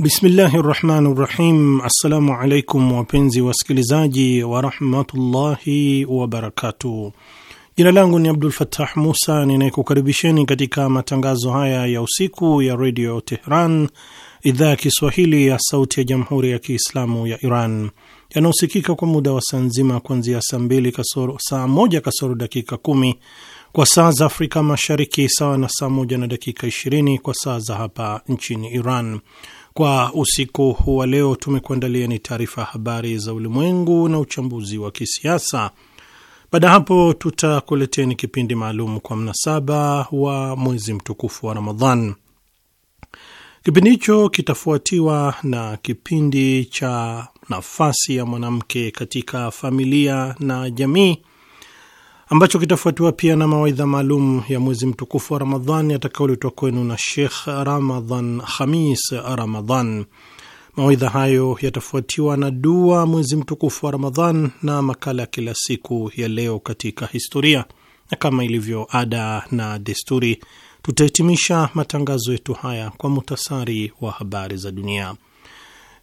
Bismillahi rahmani rahim. Assalamu alaikum wapenzi wasikilizaji warahmatullahi wabarakatuh. Jina langu ni Abdul Fattah Musa ninayekukaribisheni katika matangazo haya ya usiku ya redio Tehran, idhaa ya Kiswahili ya sauti ya jamhuri ya Kiislamu ya Iran yanayosikika kwa muda wa saa nzima kuanzia saa mbili kasoro saa moja kasoro dakika kumi kwa saa za Afrika Mashariki, sawa na saa moja na dakika ishirini kwa saa za hapa nchini Iran. Kwa usiku huu wa leo tumekuandalia ni taarifa ya habari za ulimwengu na uchambuzi wa kisiasa. Baada ya hapo, tutakuleteni kipindi maalum kwa mnasaba wa mwezi mtukufu wa Ramadhan. Kipindi hicho kitafuatiwa na kipindi cha nafasi ya mwanamke katika familia na jamii ambacho kitafuatiwa pia na mawaidha maalum ya mwezi mtukufu wa Ramadhan yatakayoletwa kwenu na Shekh Ramadhan Khamis Ramadhan. Mawaidha hayo yatafuatiwa na dua mwezi mtukufu wa Ramadhan na makala ya kila siku ya leo katika historia, na kama ilivyo ada na desturi, tutahitimisha matangazo yetu haya kwa muhtasari wa habari za dunia.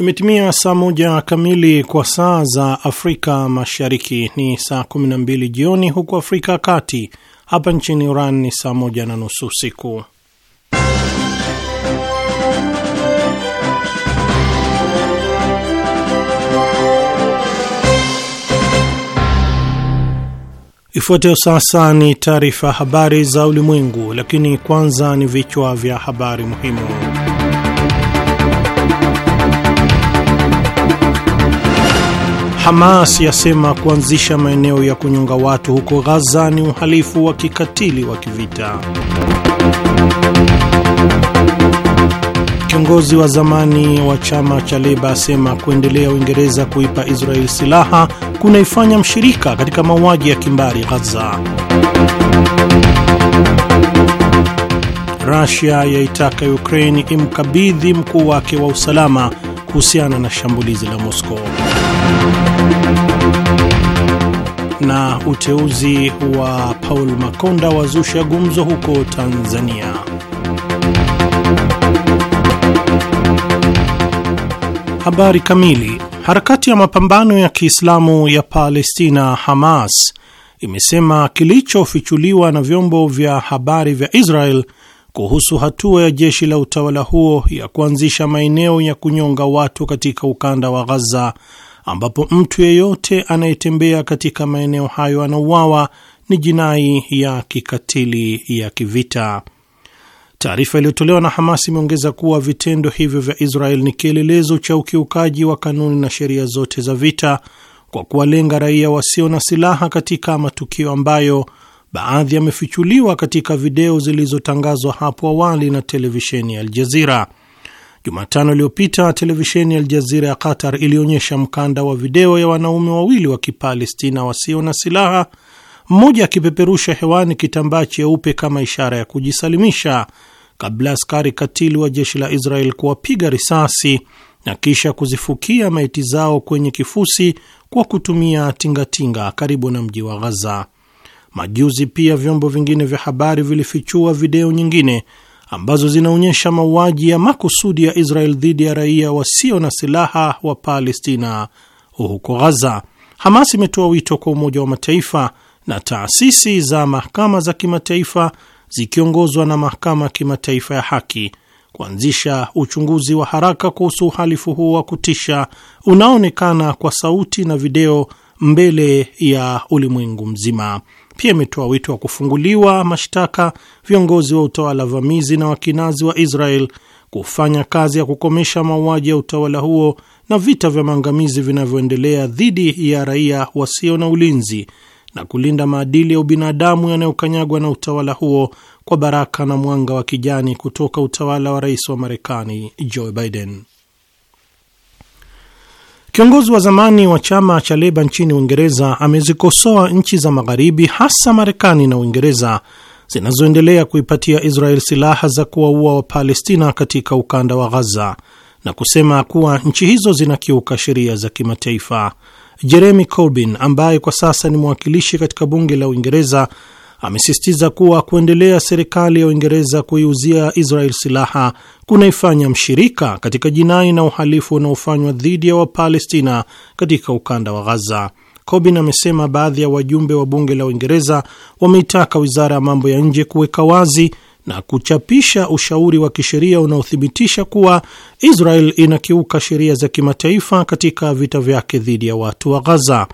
Imetimia saa moja kamili kwa saa za Afrika Mashariki, ni saa 12 jioni huku Afrika ya Kati. Hapa nchini Iran ni saa moja na nusu usiku. Ifuatayo sasa ni taarifa habari za ulimwengu, lakini kwanza ni vichwa vya habari muhimu. Hamas yasema kuanzisha maeneo ya kunyonga watu huko Ghaza ni uhalifu wa kikatili wa kivita. Kiongozi wa zamani wa chama cha Leba asema kuendelea Uingereza kuipa israel silaha kunaifanya mshirika katika mauaji ya kimbari Ghaza. Russia yaitaka Ukraine imkabidhi mkuu wake wa usalama kuhusiana na shambulizi la Moscow. Na uteuzi wa Paul Makonda wazusha gumzo huko Tanzania. Habari kamili. Harakati ya mapambano ya Kiislamu ya Palestina Hamas imesema kilichofichuliwa na vyombo vya habari vya Israel kuhusu hatua ya jeshi la utawala huo ya kuanzisha maeneo ya kunyonga watu katika ukanda wa ghaza ambapo mtu yeyote anayetembea katika maeneo hayo anauawa, ni jinai ya kikatili ya kivita. Taarifa iliyotolewa na Hamas imeongeza kuwa vitendo hivyo vya Israel ni kielelezo cha ukiukaji wa kanuni na sheria zote za vita kwa kuwalenga raia wasio na silaha katika matukio ambayo baadhi yamefichuliwa katika video zilizotangazwa hapo awali na televisheni ya Aljazira. Jumatano iliyopita televisheni ya Aljazira ya Qatar ilionyesha mkanda wa video ya wanaume wawili wa Kipalestina wasio na silaha, mmoja akipeperusha hewani kitambaa cheupe kama ishara ya kujisalimisha kabla askari katili wa jeshi la Israel kuwapiga risasi na kisha kuzifukia maiti zao kwenye kifusi kwa kutumia tingatinga karibu na mji wa Ghaza. Majuzi pia vyombo vingine vya habari vilifichua video nyingine ambazo zinaonyesha mauaji ya makusudi ya Israel dhidi ya raia wasio na silaha wa Palestina huko Ghaza. Hamas imetoa wito kwa Umoja wa Mataifa na taasisi za mahakama za kimataifa zikiongozwa na Mahakama ya Kimataifa ya Haki kuanzisha uchunguzi wa haraka kuhusu uhalifu huo wa kutisha unaoonekana kwa sauti na video mbele ya ulimwengu mzima. Pia imetoa wito wa kufunguliwa mashtaka viongozi wa utawala vamizi na wakinazi wa Israel kufanya kazi ya kukomesha mauaji ya utawala huo na vita vya maangamizi vinavyoendelea dhidi ya raia wasio na ulinzi na kulinda maadili ya ubinadamu yanayokanyagwa na utawala huo kwa baraka na mwanga wa kijani kutoka utawala wa rais wa Marekani Joe Biden. Kiongozi wa zamani wa chama cha Leba nchini Uingereza amezikosoa nchi za Magharibi, hasa Marekani na Uingereza zinazoendelea kuipatia Israel silaha za kuwaua Wapalestina katika ukanda wa Ghaza na kusema kuwa nchi hizo zinakiuka sheria za kimataifa. Jeremy Corbyn ambaye kwa sasa ni mwakilishi katika bunge la Uingereza amesisitiza kuwa kuendelea serikali ya Uingereza kuiuzia Israel silaha kunaifanya mshirika katika jinai na uhalifu unaofanywa dhidi ya Wapalestina katika ukanda wa Ghaza. Corbyn amesema baadhi ya wajumbe wa bunge la Uingereza wameitaka wizara ya mambo ya nje kuweka wazi na kuchapisha ushauri wa kisheria unaothibitisha kuwa Israel inakiuka sheria za kimataifa katika vita vyake dhidi ya watu wa Ghaza.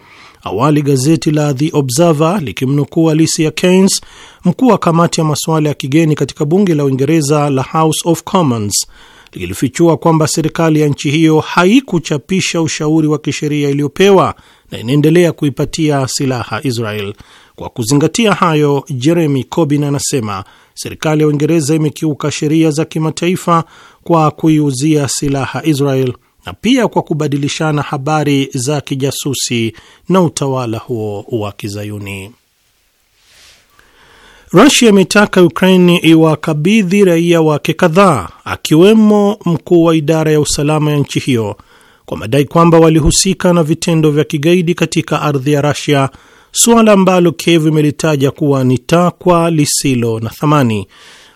Awali gazeti la The Observer likimnukuu Alicia Keys, mkuu wa kamati ya masuala ya kigeni katika bunge la Uingereza la House of Commons, lilifichua kwamba serikali ya nchi hiyo haikuchapisha ushauri wa kisheria iliyopewa na inaendelea kuipatia silaha Israel. Kwa kuzingatia hayo, Jeremy Corbyn anasema serikali ya Uingereza imekiuka sheria za kimataifa kwa kuiuzia silaha Israel na pia kwa kubadilishana habari za kijasusi na utawala huo wa Kizayuni. Rusia imetaka Ukraini iwakabidhi raia wake kadhaa akiwemo mkuu wa idara ya usalama ya nchi hiyo kwa madai kwamba walihusika na vitendo vya kigaidi katika ardhi ya Rusia, suala ambalo Kiev imelitaja kuwa ni takwa lisilo na thamani.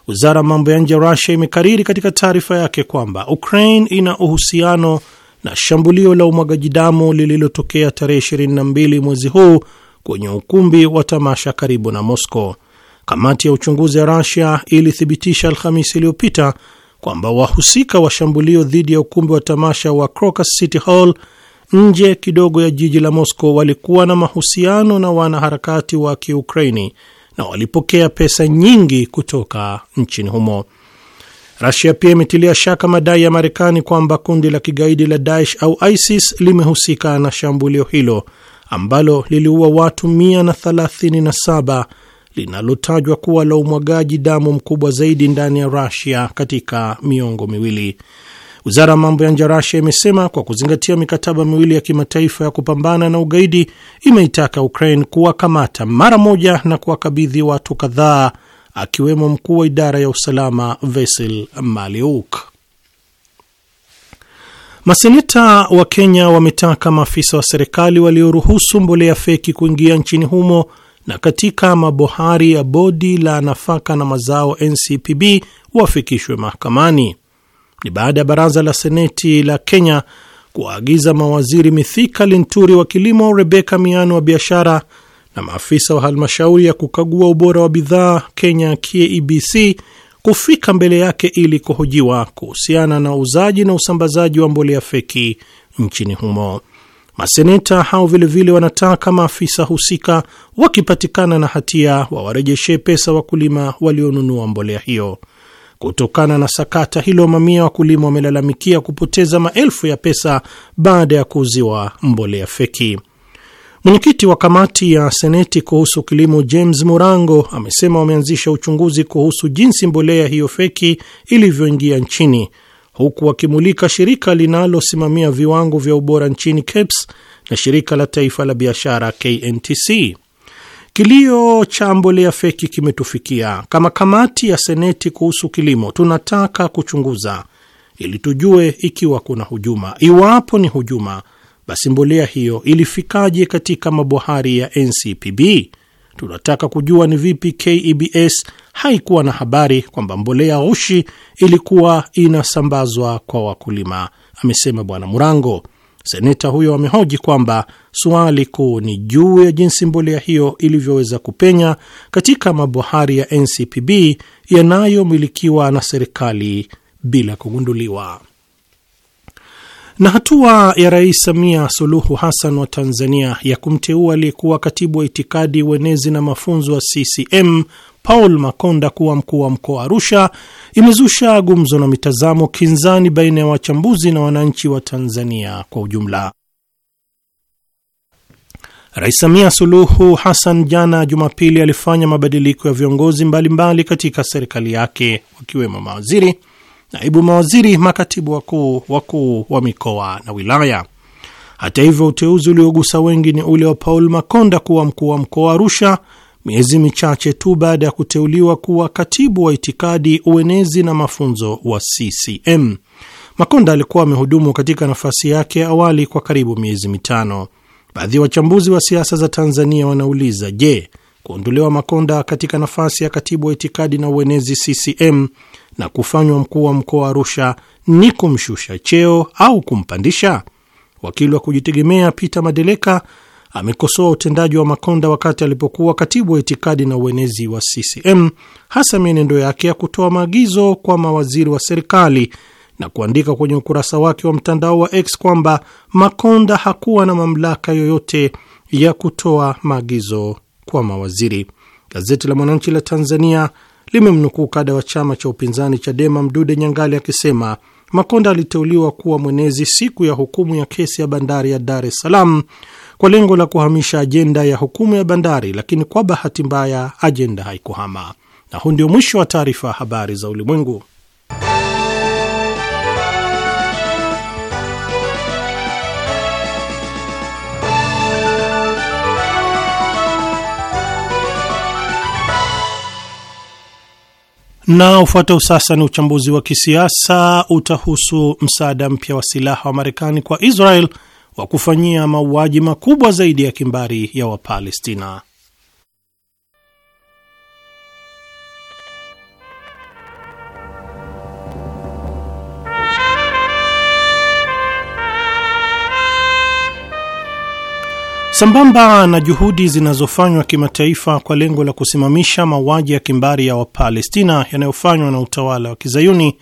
Wizara ya mambo ya nje ya Rusia imekariri katika taarifa yake kwamba Ukraine ina uhusiano na shambulio la umwagaji damu lililotokea tarehe 22 mwezi huu kwenye ukumbi wa tamasha karibu na Moscow. Kamati ya uchunguzi ya Rusia ilithibitisha Alhamisi iliyopita kwamba wahusika wa shambulio dhidi ya ukumbi wa tamasha wa Crocus City Hall nje kidogo ya jiji la Moscow walikuwa na mahusiano na wanaharakati wa Kiukraini na walipokea pesa nyingi kutoka nchini humo. Rasia pia imetilia shaka madai ya Marekani kwamba kundi la kigaidi la Daesh au ISIS limehusika na shambulio hilo ambalo liliua watu 137 linalotajwa kuwa la umwagaji damu mkubwa zaidi ndani ya Rasia katika miongo miwili. Wizara ya mambo ya nje ya Rasia imesema kwa kuzingatia mikataba miwili ya kimataifa ya kupambana na ugaidi imeitaka Ukraine kuwakamata mara moja na kuwakabidhi watu kadhaa akiwemo mkuu wa idara ya usalama vesel Maliuk. Maseneta wa Kenya wametaka maafisa wa serikali walioruhusu mbolea feki kuingia nchini humo na katika mabohari ya bodi la nafaka na mazao NCPB wafikishwe mahakamani ni baada ya baraza la seneti la Kenya kuwaagiza mawaziri Mithika Linturi wa kilimo, Rebeka Miano wa biashara na maafisa wa halmashauri ya kukagua ubora wa bidhaa Kenya KEBC kufika mbele yake ili kuhojiwa kuhusiana na uuzaji na usambazaji wa mbolea feki nchini humo. Maseneta hao vilevile wanataka maafisa husika wakipatikana na hatia wawarejeshe pesa wakulima walionunua mbolea hiyo. Kutokana na sakata hilo, mamia wakulima wamelalamikia kupoteza maelfu ya pesa baada ya kuuziwa mbolea feki. Mwenyekiti wa kamati ya seneti kuhusu kilimo James Murango amesema wameanzisha uchunguzi kuhusu jinsi mbolea hiyo feki ilivyoingia nchini, huku wakimulika shirika linalosimamia viwango vya ubora nchini caps na shirika la taifa la biashara KNTC. Kilio cha mbolea feki kimetufikia. Kama kamati ya seneti kuhusu kilimo, tunataka kuchunguza ili tujue ikiwa kuna hujuma. Iwapo ni hujuma, basi mbolea hiyo ilifikaje katika mabohari ya NCPB? Tunataka kujua ni vipi KEBS haikuwa na habari kwamba mbolea ghushi ilikuwa inasambazwa kwa wakulima, amesema Bwana Murango. Seneta huyo amehoji kwamba suali kuu ni juu ya jinsi mbolea hiyo ilivyoweza kupenya katika mabohari ya NCPB yanayomilikiwa na serikali bila kugunduliwa. Na hatua ya Rais Samia Suluhu Hassan wa Tanzania ya kumteua aliyekuwa katibu wa itikadi, uenezi na mafunzo wa CCM Paul Makonda kuwa mkuu wa mkoa wa Arusha imezusha gumzo na mitazamo kinzani baina ya wachambuzi na wananchi wa Tanzania kwa ujumla. Rais Samia Suluhu Hassan jana Jumapili alifanya mabadiliko ya viongozi mbalimbali mbali katika serikali yake wakiwemo mawaziri, naibu mawaziri, makatibu wakuu, wakuu wa mikoa na wilaya. Hata hivyo, uteuzi uliogusa wengi ni ule wa Paul Makonda kuwa mkuu wa mkoa wa Arusha miezi michache tu baada ya kuteuliwa kuwa katibu wa itikadi, uenezi na mafunzo wa CCM. Makonda alikuwa amehudumu katika nafasi yake awali kwa karibu miezi mitano. Baadhi ya wachambuzi wa siasa za Tanzania wanauliza, je, kuondolewa Makonda katika nafasi ya katibu wa itikadi na uenezi CCM na kufanywa mkuu wa mkoa wa Arusha ni kumshusha cheo au kumpandisha? Wakili wa kujitegemea Peter Madeleka amekosoa utendaji wa Makonda wakati alipokuwa katibu wa itikadi na uenezi wa CCM, hasa mienendo yake ya kutoa maagizo kwa mawaziri wa serikali na kuandika kwenye ukurasa wake wa mtandao wa X kwamba Makonda hakuwa na mamlaka yoyote ya kutoa maagizo kwa mawaziri. Gazeti la Mwananchi la Tanzania limemnukuu kada wa chama cha upinzani Chadema Mdude Nyangali akisema Makonda aliteuliwa kuwa mwenezi siku ya hukumu ya kesi ya bandari ya Dar es Salaam kwa lengo la kuhamisha ajenda ya hukumu ya bandari, lakini kwa bahati mbaya ajenda haikuhama. Na huu ndio mwisho wa taarifa ya habari za ulimwengu. Na ufuatao sasa ni uchambuzi wa kisiasa utahusu msaada mpya wa silaha wa Marekani kwa Israel wa kufanyia mauaji makubwa zaidi ya kimbari ya Wapalestina. Sambamba na juhudi zinazofanywa kimataifa kwa lengo la kusimamisha mauaji ya kimbari ya Wapalestina yanayofanywa na utawala wa Kizayuni,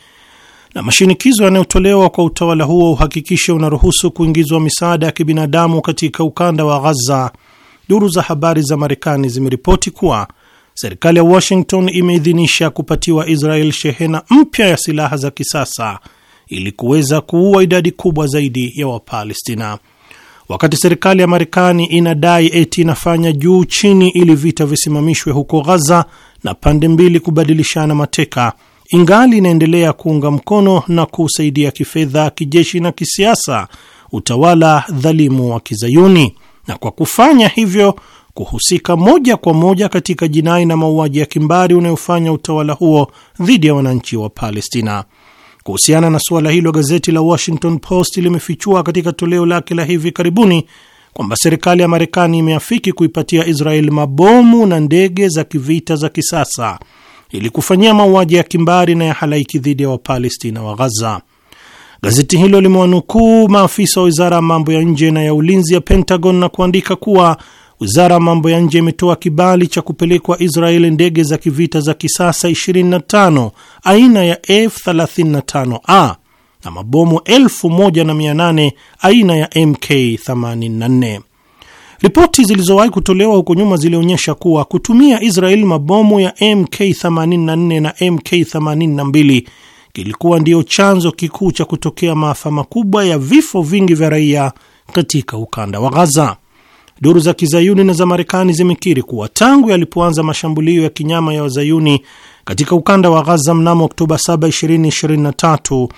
na mashinikizo yanayotolewa kwa utawala huo uhakikishe unaruhusu kuingizwa misaada ya kibinadamu katika ukanda wa Ghaza. Duru za habari za Marekani zimeripoti kuwa serikali ya Washington imeidhinisha kupatiwa Israel shehena mpya ya silaha za kisasa ili kuweza kuua idadi kubwa zaidi ya Wapalestina. Wakati serikali ya Marekani inadai eti inafanya juu chini ili vita visimamishwe huko Ghaza na pande mbili kubadilishana mateka ingali inaendelea kuunga mkono na kusaidia kifedha, kijeshi na kisiasa utawala dhalimu wa Kizayuni, na kwa kufanya hivyo kuhusika moja kwa moja katika jinai na mauaji ya kimbari unayofanya utawala huo dhidi ya wananchi wa Palestina. Kuhusiana na suala hilo, gazeti la Washington Post limefichua katika toleo lake la hivi karibuni kwamba serikali ya Marekani imeafiki kuipatia Israel mabomu na ndege za kivita za kisasa ili kufanyia mauaji ya kimbari na ya halaiki dhidi ya Wapalestina wa Ghaza. Gazeti hilo limewanukuu maafisa wa wizara ya mambo ya nje na ya ulinzi ya Pentagon na kuandika kuwa wizara ya mambo ya nje imetoa kibali cha kupelekwa Israeli ndege za kivita za kisasa 25 aina ya F35A na mabomu 1800 aina ya MK84. Ripoti zilizowahi kutolewa huko nyuma zilionyesha kuwa kutumia Israel mabomu ya MK84 na MK82 kilikuwa ndiyo chanzo kikuu cha kutokea maafa makubwa ya vifo vingi vya raia katika ukanda wa Gaza. Duru za kizayuni na za Marekani zimekiri kuwa tangu yalipoanza mashambulio ya kinyama ya wazayuni katika ukanda wa Gaza mnamo Oktoba 7, 2023,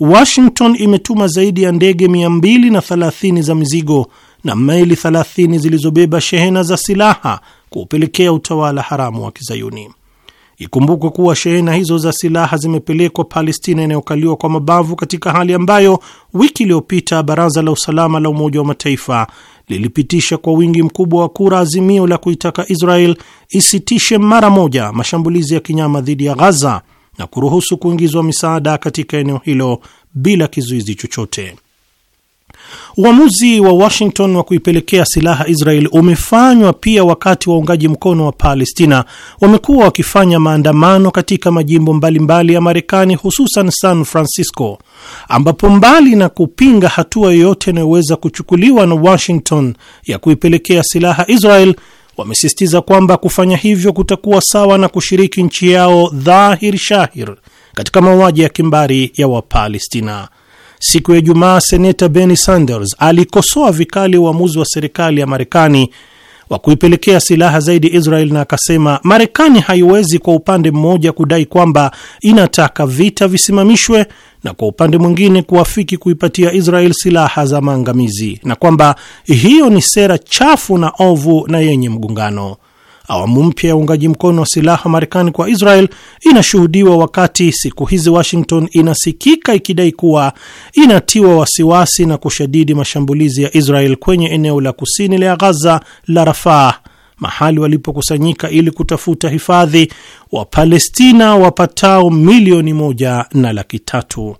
Washington imetuma zaidi ya ndege 230 za mizigo na meli 30 zilizobeba shehena za silaha kuupelekea utawala haramu wa Kizayuni. Ikumbukwe kuwa shehena hizo za silaha zimepelekwa Palestina inayokaliwa kwa mabavu katika hali ambayo wiki iliyopita Baraza la Usalama la Umoja wa Mataifa lilipitisha kwa wingi mkubwa wa kura azimio la kuitaka Israel isitishe mara moja mashambulizi ya kinyama dhidi ya Ghaza na kuruhusu kuingizwa misaada katika eneo hilo bila kizuizi chochote. Uamuzi wa Washington wa kuipelekea silaha Israel umefanywa pia wakati waungaji mkono wa Palestina wamekuwa wakifanya maandamano katika majimbo mbalimbali ya Marekani, hususan San Francisco, ambapo mbali na kupinga hatua yoyote inayoweza kuchukuliwa na Washington ya kuipelekea silaha Israel, wamesisitiza kwamba kufanya hivyo kutakuwa sawa na kushiriki nchi yao dhahir shahir katika mauaji ya kimbari ya Wapalestina. Siku ya Ijumaa, seneta Bernie Sanders alikosoa vikali uamuzi wa serikali ya Marekani wa kuipelekea silaha zaidi Israel na akasema Marekani haiwezi kwa upande mmoja kudai kwamba inataka vita visimamishwe na kwa upande mwingine kuafiki kuipatia Israel silaha za maangamizi na kwamba hiyo ni sera chafu na ovu na yenye mgungano Awamu mpya ya uungaji mkono wa silaha Marekani kwa Israel inashuhudiwa wakati siku hizi Washington inasikika ikidai kuwa inatiwa wasiwasi na kushadidi mashambulizi ya Israel kwenye eneo la kusini la Ghaza la Rafaa, mahali walipokusanyika ili kutafuta hifadhi Wapalestina wapatao milioni moja na laki tatu.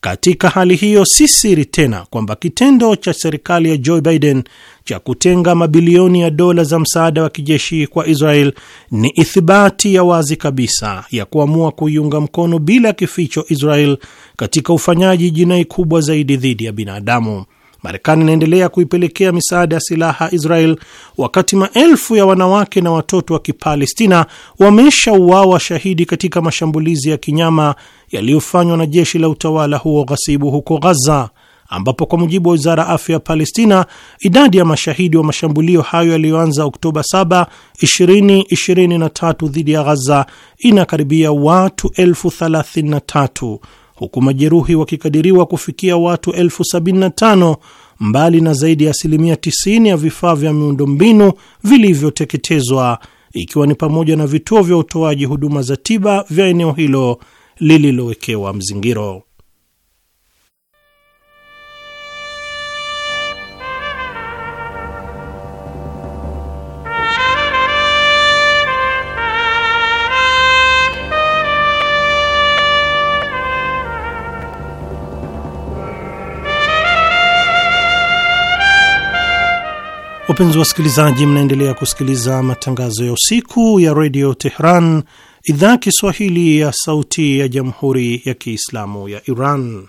Katika hali hiyo, si siri tena kwamba kitendo cha serikali ya Joe Biden cha kutenga mabilioni ya dola za msaada wa kijeshi kwa Israel ni ithibati ya wazi kabisa ya kuamua kuiunga mkono bila kificho Israel katika ufanyaji jinai kubwa zaidi dhidi ya binadamu. Marekani inaendelea kuipelekea misaada ya silaha Israel, wakati maelfu ya wanawake na watoto wa Kipalestina wameshauawa shahidi katika mashambulizi ya kinyama yaliyofanywa na jeshi la utawala huo ghasibu huko Ghaza ambapo kwa mujibu wa wizara ya afya ya Palestina, idadi ya mashahidi wa mashambulio hayo yaliyoanza Oktoba 7, 2023 dhidi ya Ghaza inakaribia watu elfu 33 huku majeruhi wakikadiriwa kufikia watu elfu 75 mbali na zaidi ya asilimia 90 ya vifaa vya miundombinu vilivyoteketezwa ikiwa ni pamoja na vituo vya utoaji huduma za tiba vya eneo hilo lililowekewa mzingiro. wapenzi wasikilizaji, mnaendelea kusikiliza matangazo ya usiku ya redio Tehran, idhaa Kiswahili ya sauti ya jamhuri ya kiislamu ya Iran.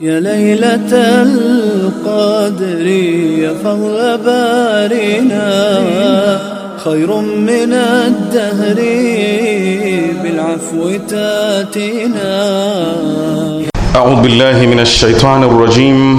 ya Lailatal Qadri ya fadhla barina khairun min ad-dahri tatina. A'udhu billahi minash shaitani rrajim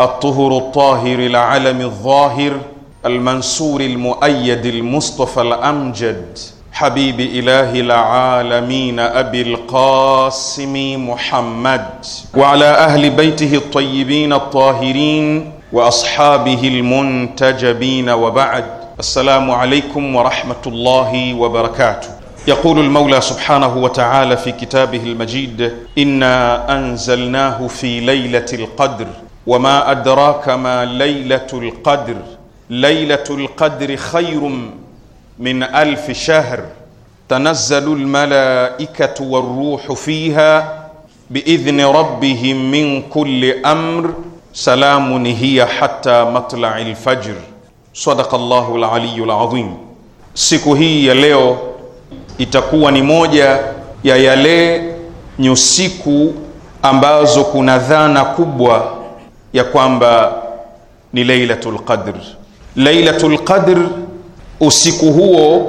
الطهر الطاهر العلم الظاهر المنصور المؤيد المصطفى الامجد حبيب اله العالمين ابي القاسم محمد وعلى اهل بيته الطيبين الطاهرين واصحابه المنتجبين وبعد السلام عليكم ورحمه الله وبركاته يقول المولى سبحانه وتعالى في كتابه المجيد انا انزلناه في ليله القدر wama adraka ma lailatul qadr lailatul qadri khairum min alfi shahr tanazzalu lmalaikatu waruhu fiha biidhni rabbihim min kulli amr salamun hiya hatta matlai lfajr. Sadaka llahu laliyu ladhim. Siku hii ya leo itakuwa ni moja ya yale nyusiku ambazo kuna dhana kubwa ya kwamba ni Lailatul Qadr. Lailatul Qadr, usiku huo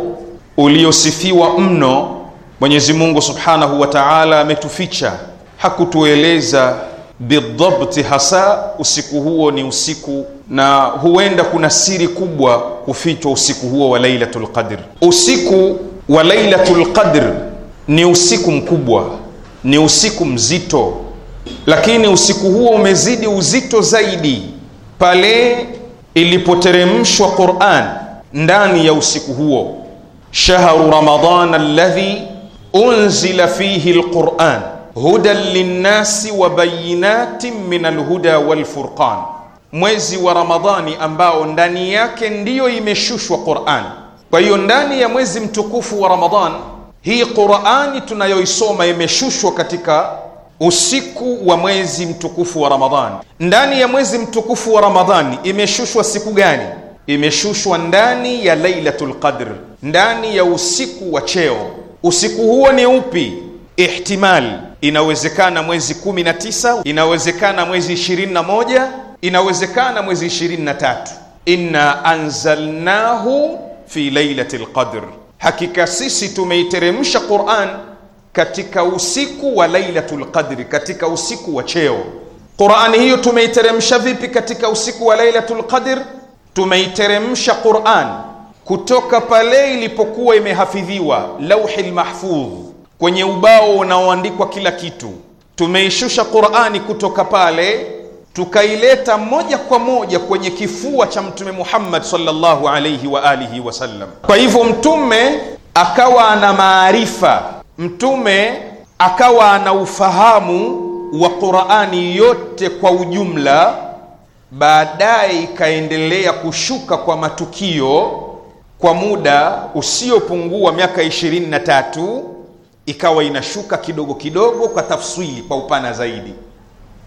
uliosifiwa mno, Mwenyezi Mungu Subhanahu wa Ta'ala ametuficha, hakutueleza bidhabti hasa usiku huo ni usiku, na huenda kuna siri kubwa kufichwa usiku huo wa Lailatul Qadr. Usiku wa Lailatul Qadr ni usiku mkubwa, ni usiku mzito lakini usiku huo umezidi uzito zaidi pale ilipoteremshwa Qur'an ndani ya usiku huo, shahru Ramadan alladhi unzila fihi alquran hudan linnasi wa bayinatin min alhuda walfurqan, mwezi wa Ramadhani ambao ndani yake ndiyo imeshushwa Qur'an. Kwa hiyo ndani ya mwezi mtukufu wa Ramadhan hii Qur'ani tunayoisoma imeshushwa katika usiku wa mwezi mtukufu wa Ramadhani. Ndani ya mwezi mtukufu wa Ramadhani imeshushwa siku gani? Imeshushwa ndani ya Lailatul Qadr, ndani ya usiku wa cheo. Usiku huo ni upi? Ihtimali, inawezekana mwezi 19, inawezekana mwezi 21, inawezekana mwezi 23. Inna anzalnahu fi lailatil qadr, hakika sisi tumeiteremsha Qur'an katika usiku wa Lailatul Qadri, katika usiku wa cheo. Qur'ani hiyo tumeiteremsha vipi katika usiku wa Lailatul Qadr? Tumeiteremsha Qur'an kutoka pale ilipokuwa imehafidhiwa Lauhil lmahfudh kwenye ubao unaoandikwa kila kitu. Tumeishusha Qur'ani kutoka pale tukaileta moja kwa moja kwenye kifua cha Mtume Muhammad sallallahu alayhi wa alihi wasallam. Kwa hivyo mtume akawa ana maarifa Mtume akawa ana ufahamu wa Qur'ani yote kwa ujumla. Baadaye ikaendelea kushuka kwa matukio kwa muda usiopungua miaka ishirini na tatu ikawa inashuka kidogo kidogo kwa tafsiri kwa upana zaidi.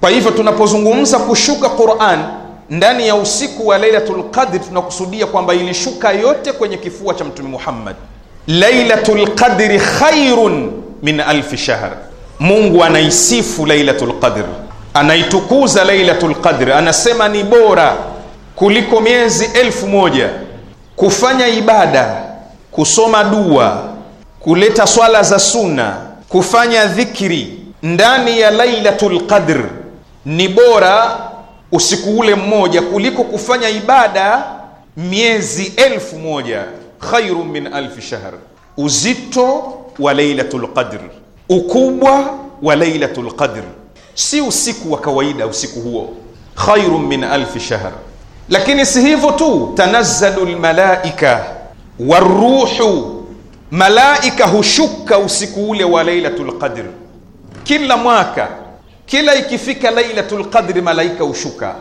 Kwa hivyo tunapozungumza kushuka Qur'an ndani ya usiku wa Lailatul Qadr tunakusudia kwamba ilishuka yote kwenye kifua cha Mtume Muhammad lailatu lqadri khairun min alfi shahr, Mungu anaisifu lailatu lqadr anaitukuza lailatu lqadr anasema ni bora kuliko miezi elfu moja. Kufanya ibada, kusoma dua, kuleta swala za suna, kufanya dhikri ndani ya lailatu lqadr ni bora usiku ule mmoja kuliko kufanya ibada miezi elfu moja khairu min alfi shahr, uzito wa lailatul qadr, ukubwa wa lailatul qadr, si usiku wa kawaida. Usiku huo khairu min alfi shahr. Lakini si hivyo tu, tanazzalu lmalaika waruhu, malaika hushuka usiku ule wa lailatul qadr. Kila mwaka kila ikifika lailatul qadri malaika hushuka,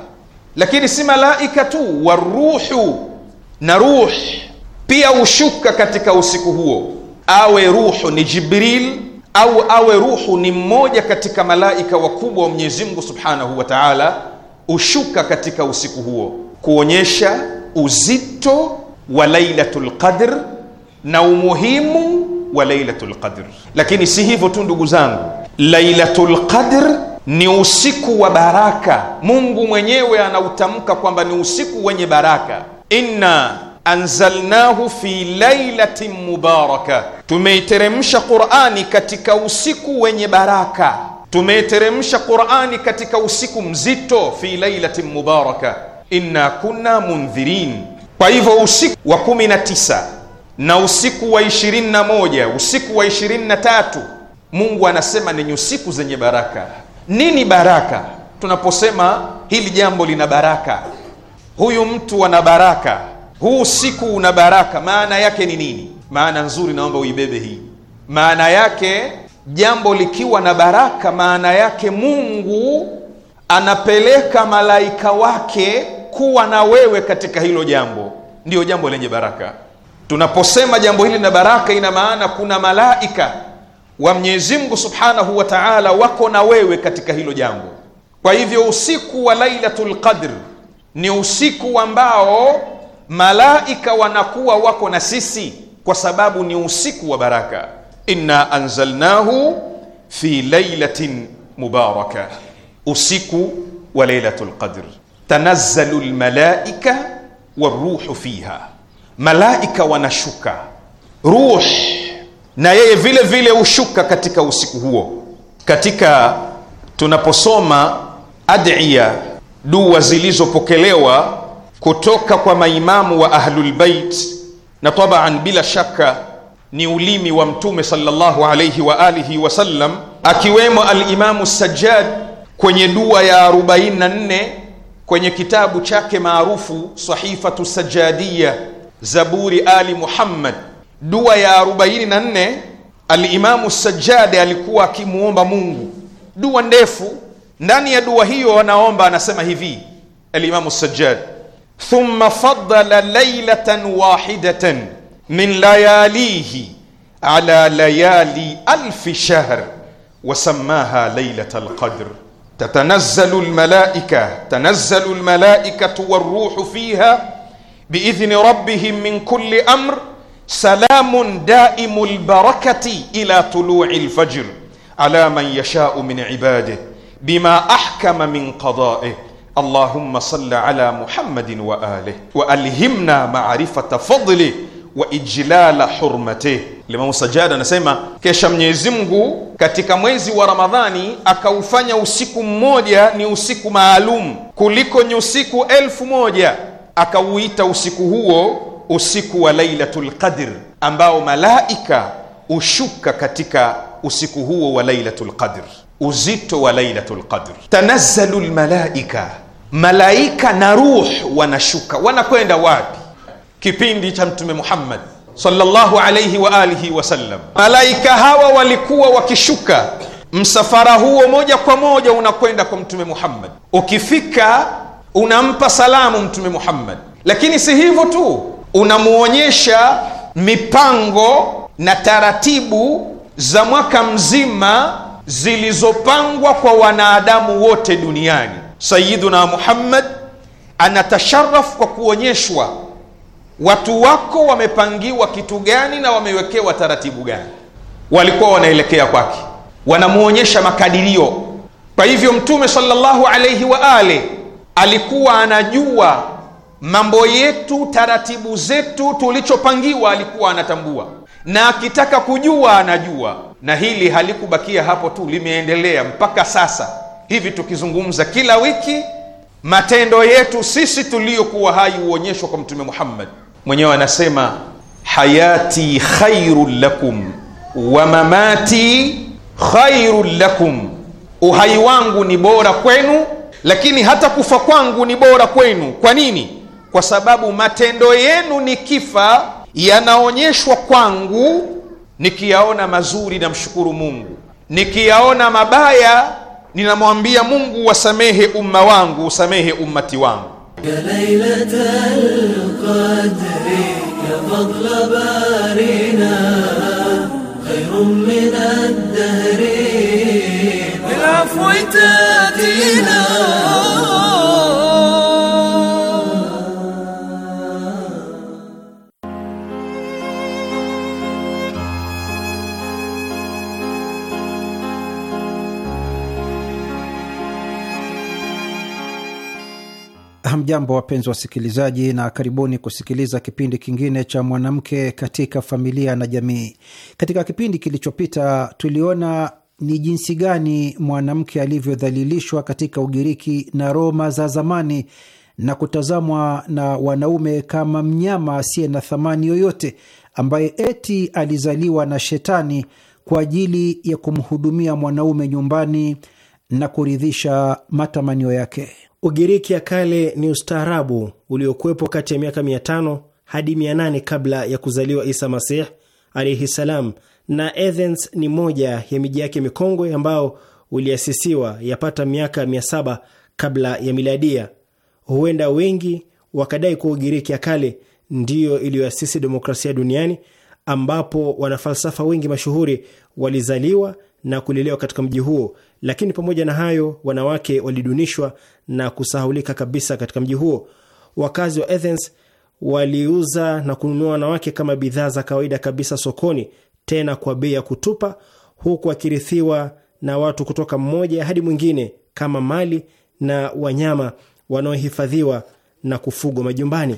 lakini si malaika tu, waruhu na ruh pia hushuka katika usiku huo, awe ruhu ni Jibril au awe ruhu ni mmoja katika malaika wakubwa wa Mwenyezi Mungu Subhanahu wa Ta'ala, hushuka katika usiku huo kuonyesha uzito wa Lailatul Qadr na umuhimu wa Lailatul Qadr. Lakini si hivyo tu, ndugu zangu, Lailatul Qadr ni usiku wa baraka. Mungu mwenyewe anautamka kwamba ni usiku wenye baraka inna anzalnahu fi lailatin mubaraka, tumeiteremsha Qur'ani katika usiku wenye baraka. Tumeiteremsha Qur'ani katika usiku mzito, fi lailatin mubaraka inna kunna mundhirin. Kwa hivyo usiku wa 19 na usiku wa 21, usiku wa 23, Mungu anasema ni usiku zenye baraka. Nini baraka? Tunaposema hili jambo lina baraka, huyu mtu ana baraka huu usiku una baraka. Maana yake ni nini? Maana nzuri, naomba uibebe hii. Maana yake jambo likiwa na baraka, maana yake Mungu anapeleka malaika wake kuwa na wewe katika hilo jambo, ndiyo jambo lenye baraka. Tunaposema jambo hili na baraka, ina maana kuna malaika wa Mwenyezi Mungu Subhanahu wa Ta'ala wako na wewe katika hilo jambo. Kwa hivyo usiku wa Lailatul Qadr ni usiku ambao malaika wanakuwa wako na sisi kwa sababu ni usiku wa baraka. Inna anzalnahu fi lailatin mubaraka, usiku wa lailatul qadr. Tanazzalu lmalaika waruhu fiha, malaika wanashuka, ruh na yeye vile vile hushuka katika usiku huo. Katika tunaposoma adiya dua zilizopokelewa kutoka kwa maimamu wa Ahlulbeit, na tabaan, bila shaka ni ulimi wa Mtume sallallahu alayhi wa alihi sallam, akiwemo Alimamu Sajjad kwenye dua ya 44 kwenye kitabu chake maarufu Sahifatu sajadiya Zaburi Ali Muhammad, dua ya 44 Alimamu Sajjadi alikuwa akimuomba Mungu dua ndefu. Ndani ya dua hiyo anaomba anasema hivi Alimamu Sajjad ثم فضل ليله واحده من لياليه على ليالي الف شهر وسماها ليله القدر تتنزل الملائكه تنزل الملائكه والروح فيها باذن ربهم من كل امر سلام دائم البركه الى طلوع الفجر على من يشاء من عباده بما احكم من قضائه Allahumma salli ala Muhammadin wa alih wa alhimna ma'rifata fadli wa ijlala hurmati. Limamu Sajjad anasema kesha Mwenyezi Mungu katika mwezi wa Ramadhani akaufanya usiku mmoja ni usiku maalum kuliko ni usiku elfu moja akauita usiku huo usiku wa Lailatul Qadr, ambao malaika ushuka katika usiku huo wa Lailatul Qadr uzito wa Lailatul Qadr. Tanazzalu lmalaika, malaika na ruh wanashuka. Wanakwenda wapi? Kipindi cha Mtume Muhammad sallallahu alayhi wa alihi wasallam, malaika hawa walikuwa wakishuka. Msafara huo moja kwa moja unakwenda kwa Mtume Muhammad. Ukifika unampa salamu Mtume Muhammad, lakini si hivyo tu, unamwonyesha mipango na taratibu za mwaka mzima zilizopangwa kwa wanadamu wote duniani. Sayyiduna Muhammad anatasharafu kwa kuonyeshwa watu wako wamepangiwa kitu gani na wamewekewa taratibu gani, walikuwa wanaelekea kwake, wanamwonyesha makadirio. Kwa hivyo Mtume sallallahu alaihi wa ale alikuwa anajua mambo yetu, taratibu zetu, tulichopangiwa alikuwa anatambua na akitaka kujua anajua. Na hili halikubakia hapo tu, limeendelea mpaka sasa hivi tukizungumza kila wiki. Matendo yetu sisi tuliyokuwa hai huonyeshwa kwa Mtume Muhammad mwenyewe, anasema hayati khairu lakum wa mamati khairu lakum, uhai wangu ni bora kwenu, lakini hata kufa kwangu ni bora kwenu. Kwa nini? Kwa sababu matendo yenu ni kifa yanaonyeshwa kwangu, nikiyaona mazuri na mshukuru Mungu, nikiyaona mabaya ninamwambia Mungu, wasamehe umma wangu, usamehe ummati wangu. ya Hamjambo, wapenzi wasikilizaji, na karibuni kusikiliza kipindi kingine cha mwanamke katika familia na jamii. Katika kipindi kilichopita, tuliona ni jinsi gani mwanamke alivyodhalilishwa katika Ugiriki na Roma za zamani na kutazamwa na wanaume kama mnyama asiye na thamani yoyote, ambaye eti alizaliwa na Shetani kwa ajili ya kumhudumia mwanaume nyumbani na kuridhisha matamanio yake. Ugiriki ya kale ni ustaarabu uliokuwepo kati ya miaka 500 hadi 800 kabla ya kuzaliwa Isa Masih alaihi salam, na Athens ni moja ya miji yake mikongwe ambao uliasisiwa yapata miaka 700 kabla ya miladia. Huenda wengi wakadai kuwa Ugiriki ya kale ndiyo iliyoasisi demokrasia duniani, ambapo wanafalsafa wengi mashuhuri walizaliwa na kulelewa katika mji huo lakini pamoja na hayo, wanawake walidunishwa na kusahulika kabisa katika mji huo. Wakazi wa Athens waliuza na kununua wanawake kama bidhaa za kawaida kabisa sokoni, tena kwa bei ya kutupa, huku wakirithiwa na watu kutoka mmoja hadi mwingine kama mali na wanyama wanaohifadhiwa na kufugwa majumbani.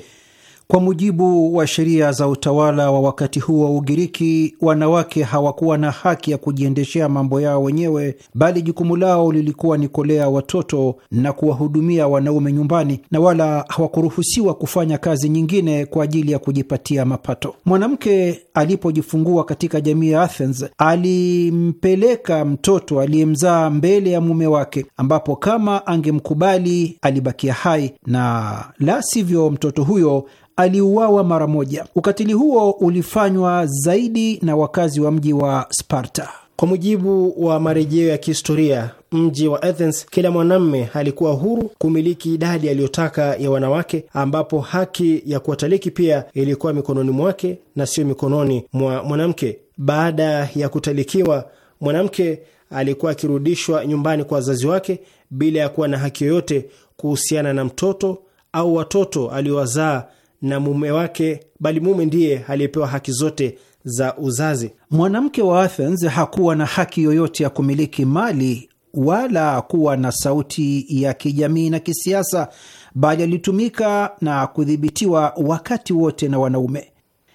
Kwa mujibu wa sheria za utawala wa wakati huo wa Ugiriki, wanawake hawakuwa na haki ya kujiendeshea mambo yao wenyewe, bali jukumu lao lilikuwa ni kulea watoto na kuwahudumia wanaume nyumbani, na wala hawakuruhusiwa kufanya kazi nyingine kwa ajili ya kujipatia mapato. Mwanamke alipojifungua katika jamii ya Athens, alimpeleka mtoto aliyemzaa mbele ya mume wake, ambapo kama angemkubali alibakia hai, na la sivyo mtoto huyo aliuawa mara moja. Ukatili huo ulifanywa zaidi na wakazi wa mji wa Sparta. Kwa mujibu wa marejeo ya kihistoria, mji wa Athens, kila mwanamme alikuwa huru kumiliki idadi aliyotaka ya wanawake, ambapo haki ya kuwataliki pia ilikuwa mikononi mwake na sio mikononi mwa mwanamke. Baada ya kutalikiwa, mwanamke alikuwa akirudishwa nyumbani kwa wazazi wake bila ya kuwa na haki yoyote kuhusiana na mtoto au watoto aliowazaa na mume wake, bali mume ndiye aliyepewa haki zote za uzazi. Mwanamke wa Athens hakuwa na haki yoyote ya kumiliki mali wala kuwa na sauti ya kijamii na kisiasa, bali alitumika na kudhibitiwa wakati wote na wanaume.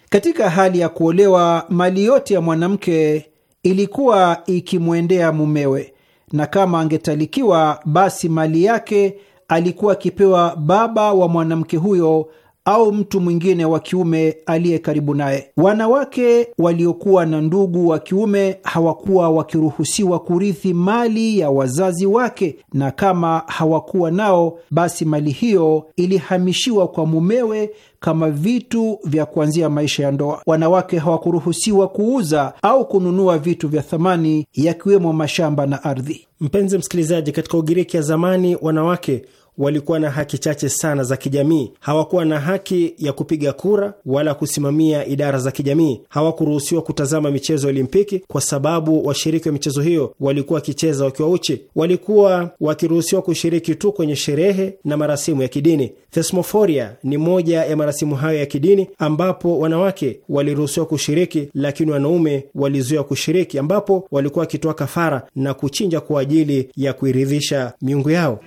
Katika hali ya kuolewa, mali yote ya mwanamke ilikuwa ikimwendea mumewe, na kama angetalikiwa, basi mali yake alikuwa akipewa baba wa mwanamke huyo au mtu mwingine wa kiume aliye karibu naye. Wanawake waliokuwa na ndugu wa kiume hawakuwa wakiruhusiwa kurithi mali ya wazazi wake, na kama hawakuwa nao, basi mali hiyo ilihamishiwa kwa mumewe kama vitu vya kuanzia maisha ya ndoa. Wanawake hawakuruhusiwa kuuza au kununua vitu vya thamani, yakiwemo mashamba na ardhi. Mpenzi msikilizaji, katika Ugiriki ya zamani wanawake walikuwa na haki chache sana za kijamii. Hawakuwa na haki ya kupiga kura wala kusimamia idara za kijamii. Hawakuruhusiwa kutazama michezo ya Olimpiki kwa sababu washiriki wa michezo hiyo walikuwa wakicheza wakiwa uchi. Walikuwa wakiruhusiwa kushiriki tu kwenye sherehe na marasimu ya kidini. Thesmoforia ni moja ya marasimu hayo ya kidini, ambapo wanawake waliruhusiwa kushiriki, lakini wanaume walizuiwa kushiriki, ambapo walikuwa wakitoa kafara na kuchinja kwa ajili ya kuiridhisha miungu yao.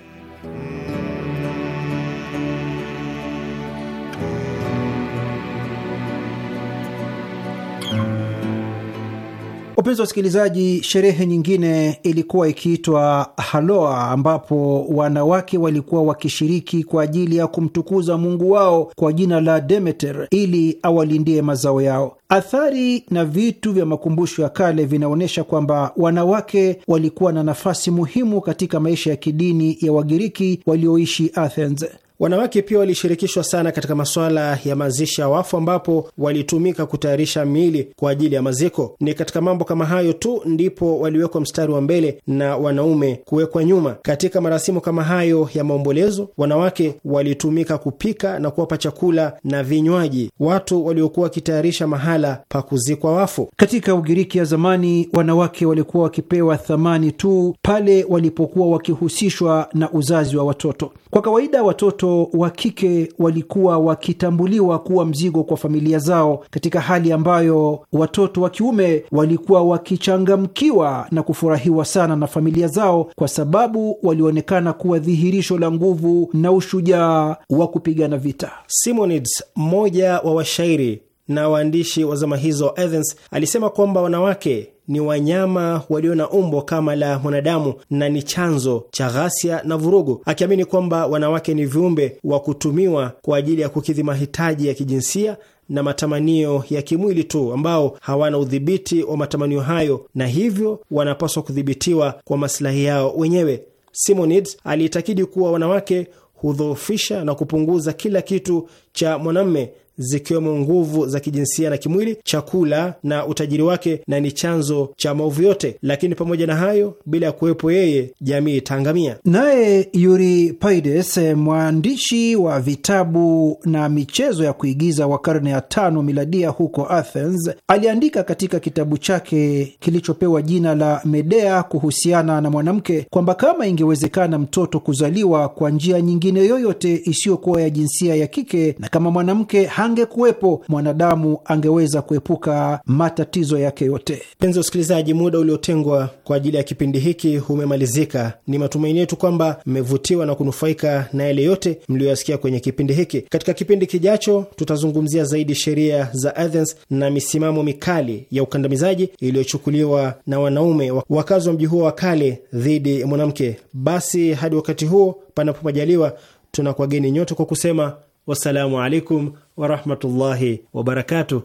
Wapenzi wa wasikilizaji, sherehe nyingine ilikuwa ikiitwa Haloa, ambapo wanawake walikuwa wakishiriki kwa ajili ya kumtukuza mungu wao kwa jina la Demeter ili awalindie mazao yao. Athari na vitu vya makumbusho ya kale vinaonyesha kwamba wanawake walikuwa na nafasi muhimu katika maisha ya kidini ya Wagiriki walioishi Athens. Wanawake pia walishirikishwa sana katika masuala ya mazishi ya wafu, ambapo walitumika kutayarisha miili kwa ajili ya maziko. Ni katika mambo kama hayo tu ndipo waliwekwa mstari wa mbele na wanaume kuwekwa nyuma. Katika marasimu kama hayo ya maombolezo, wanawake walitumika kupika na kuwapa chakula na vinywaji watu waliokuwa wakitayarisha mahala pa kuzikwa wafu. Katika Ugiriki ya zamani, wanawake walikuwa wakipewa thamani tu pale walipokuwa wakihusishwa na uzazi wa watoto. Kwa kawaida watoto wa kike walikuwa wakitambuliwa kuwa mzigo kwa familia zao, katika hali ambayo watoto wa kiume walikuwa wakichangamkiwa na kufurahiwa sana na familia zao, kwa sababu walionekana kuwa dhihirisho la nguvu na ushujaa wa kupigana vita. Simonides, mmoja wa washairi na waandishi wa zama hizo Athens, alisema kwamba wanawake ni wanyama walio na umbo kama la mwanadamu na ni chanzo cha ghasia na vurugu, akiamini kwamba wanawake ni viumbe wa kutumiwa kwa ajili ya kukidhi mahitaji ya kijinsia na matamanio ya kimwili tu, ambao hawana udhibiti wa matamanio hayo na hivyo wanapaswa kudhibitiwa kwa masilahi yao wenyewe. Simonides aliitakidi kuwa wanawake hudhoofisha na kupunguza kila kitu cha mwanamme zikiwemo nguvu za kijinsia na kimwili, chakula na utajiri wake, na ni chanzo cha maovu yote. Lakini pamoja na hayo, bila ya kuwepo yeye, jamii itaangamia. Naye Euripides, eh, mwandishi wa vitabu na michezo ya kuigiza wa karne ya tano miladia huko Athens, aliandika katika kitabu chake kilichopewa jina la Medea kuhusiana na mwanamke kwamba kama ingewezekana mtoto kuzaliwa kwa njia nyingine yoyote isiyokuwa ya jinsia ya kike na kama mwanamke hangekuwepo, mwanadamu angeweza kuepuka matatizo yake yote. Mpenzi wa usikilizaji, muda uliotengwa kwa ajili ya kipindi hiki umemalizika. Ni matumaini yetu kwamba mmevutiwa na kunufaika na yale yote mliyoyasikia kwenye kipindi hiki. Katika kipindi kijacho, tutazungumzia zaidi sheria za Athens na misimamo mikali ya ukandamizaji iliyochukuliwa na wanaume wakazi wa mji huo wa kale dhidi ya mwanamke. Basi hadi wakati huo, panapo majaliwa, tunakwageni nyote kwa kusema wassalamu alaikum warahmatullahi wabarakatuh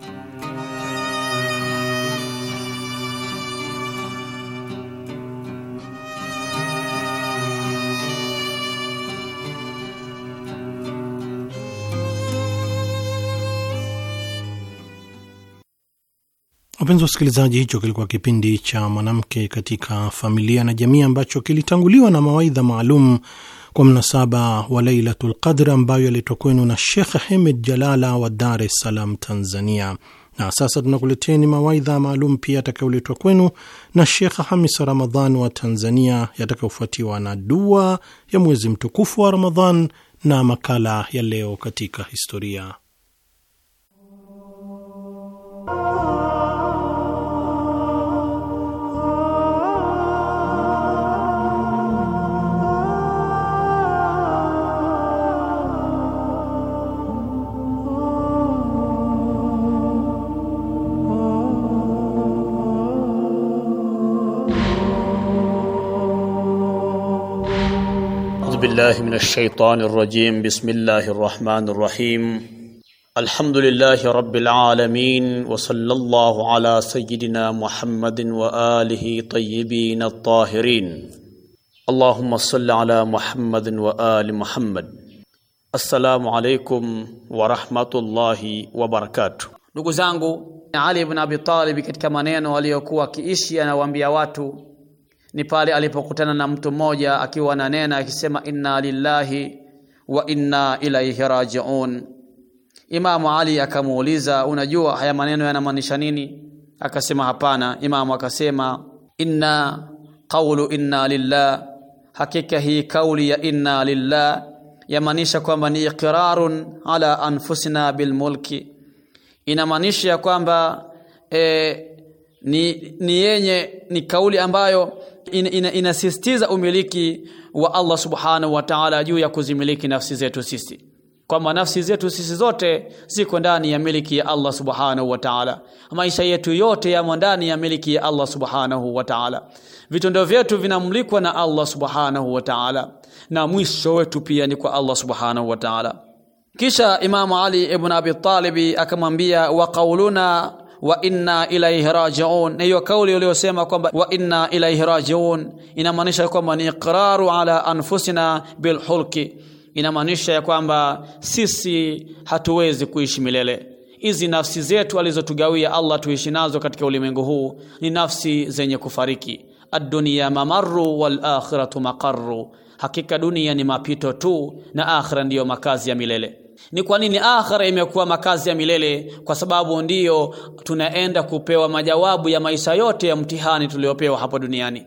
Wapenzi wa usikilizaji wasikilizaji, hicho kilikuwa kipindi cha mwanamke katika familia na jamii ambacho kilitanguliwa na mawaidha maalum kwa mnasaba wa lailatu lqadri ambayo yaletwa kwenu na Shekh Hemed Jalala wa Dar es Salaam, Tanzania. Na sasa tunakuleteni mawaidha maalum pia yatakayoletwa kwenu na Shekh Hamisa Ramadhan wa Tanzania, yatakayofuatiwa na dua ya mwezi mtukufu wa Ramadhan na makala ya leo katika historia. أعوذ بالله من الشيطان الرجيم بسم الله الرحمن الرحيم الحمد لله رب العالمين وصلى الله على سيدنا محمد وآله طيبين الطاهرين اللهم صل على محمد وآل محمد السلام عليكم ورحمة الله وبركاته نقول زانقو علي بن أبي طالب katika maneno aliyokuwa akiishi anawaambia watu ni pale alipokutana na mtu mmoja akiwa ananena akisema inna lillahi wa inna ilaihi rajiun. Imamu Ali akamuuliza, unajua haya maneno yanamaanisha nini? Akasema hapana. Imamu akasema inna qawlu inna lillah, hakika hii kauli ya inna lillah yamaanisha kwamba ni iqrarun ala anfusina bilmulki, inamaanisha ya kwamba e, ni, ni yenye ni kauli ambayo in, ina, inasisitiza umiliki wa Allah subhanahu wa ta'ala juu ya kuzimiliki nafsi zetu sisi kwamba nafsi zetu sisi zote ziko ndani ya miliki ya Allah subhanahu wa ta'ala. Maisha yetu yote yamo ndani ya miliki ya Allah subhanahu wa ta'ala. Vitendo vyetu vinamulikwa na Allah subhanahu wa ta'ala, na mwisho wetu pia ni kwa Allah subhanahu wa ta'ala. Kisha Imamu Ali ibn Abi Talib akamwambia wa qauluna wa inna ilayhi rajiun. Na hiyo kauli uliyosema kwamba wa inna ilaihi rajiun inamaanisha kwamba ni iqraru ala anfusina bilhulki, inamaanisha ya kwamba sisi hatuwezi kuishi milele. Hizi nafsi zetu alizotugawia Allah tuishi nazo katika ulimwengu huu ni nafsi zenye kufariki. Ad-dunya mamarru wal akhiratu maqarru, hakika dunia ni mapito tu na akhira ndiyo makazi ya milele ni kwa nini akhira imekuwa makazi ya milele kwa sababu ndiyo tunaenda kupewa majawabu ya maisha yote ya mtihani tuliopewa hapa duniani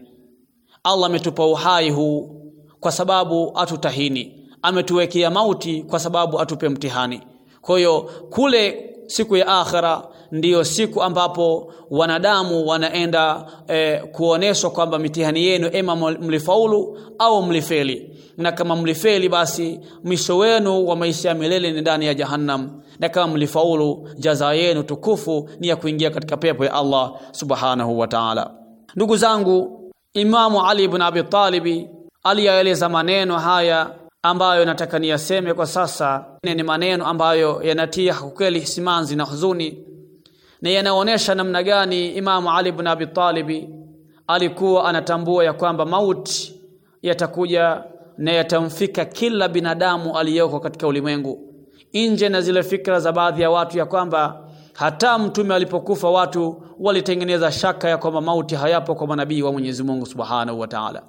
Allah ametupa uhai huu kwa sababu atutahini ametuwekea mauti kwa sababu atupe mtihani kwa hiyo kule siku ya akhira ndiyo siku ambapo wanadamu wanaenda eh, kuoneshwa kwamba mitihani yenu ema mlifaulu au mlifeli na kama mlifeli basi mwisho wenu wa maisha ya milele ni ndani ya jahannam na kama mlifaulu jaza yenu tukufu ni ya kuingia katika pepo ya Allah subhanahu wa ta'ala ndugu zangu Imamu Ali ibn Abi Talibi aliyaeleza maneno haya ambayo nataka niyaseme kwa sasa ni maneno ambayo yanatia kweli simanzi na huzuni na yanaonesha namna gani Imamu Ali ibn Abi Talib alikuwa anatambua ya kwamba mauti yatakuja na yatamfika kila binadamu aliyoko katika ulimwengu nje na zile fikra za baadhi ya watu ya kwamba hata mtume alipokufa watu walitengeneza shaka ya kwamba mauti hayapo kwa manabii wa Mwenyezi Mungu Subhanahu wa Ta'ala